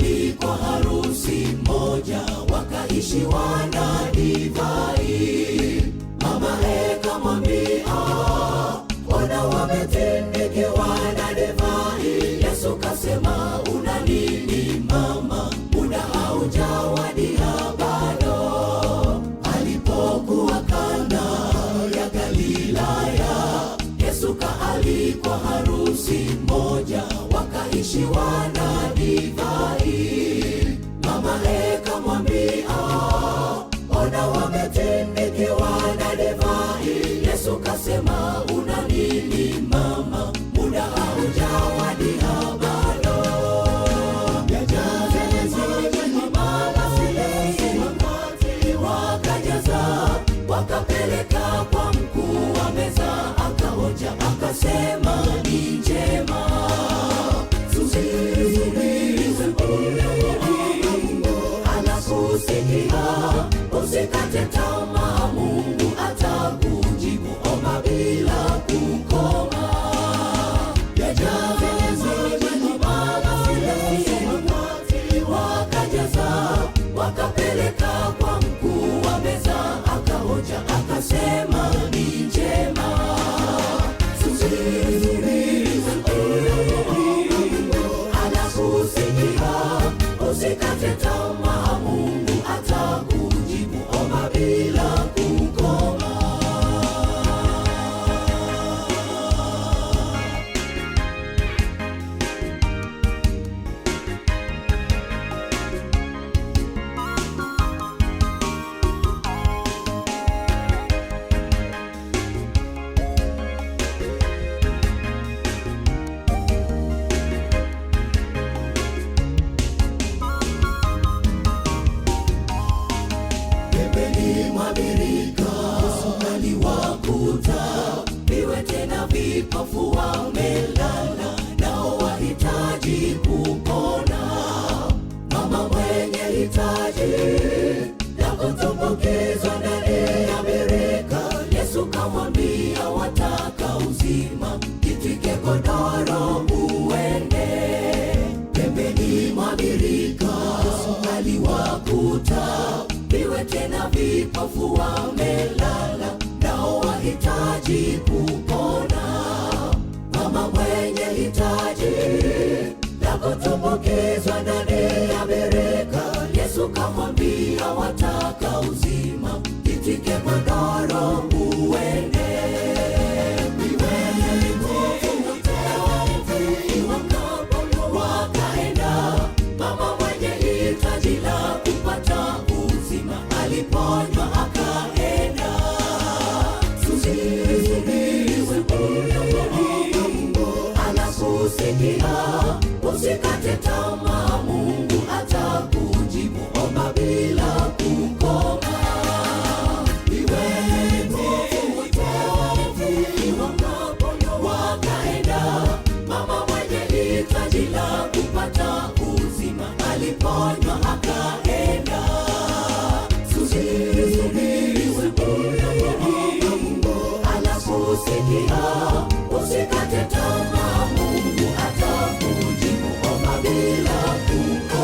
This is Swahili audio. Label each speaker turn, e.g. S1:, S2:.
S1: Waalikwa harusi moja, wakaishi wana divai. Mama ekamwambia, ona wametendekewa na divai. Yesu kasema, una nini mama, muda haujawadia bado. Alipokuwa Kana ya Galilaya, Yesu kaalikwa harusi Bwana wametemekewa na divai. Yesu kasema, una nini mama, muda haujawadia bado. Wakajaza wakapeleka Thank you. wafu wamelala, nao wahitaji kupona. Mama mwenye hitaji la kutumbukizwa ndani ya birika, Yesu kamwambia, wataka uzima, jitwike godoro uende. Pembeni mwa birika aliwakuta viwe tena vipofu wamelala, nao wahitaji kupona hitaji la kutumbukizwa ndani ya birika. Yesu kamwambia wataka uzima, itike godoro tamaa, Mungu atakujibu omba bila kukoma. Wakaenda mama mwenye hitaji la kupata uzima, aliponywa akaenda. Subiri anakusikia, usikate tamaa bila kuko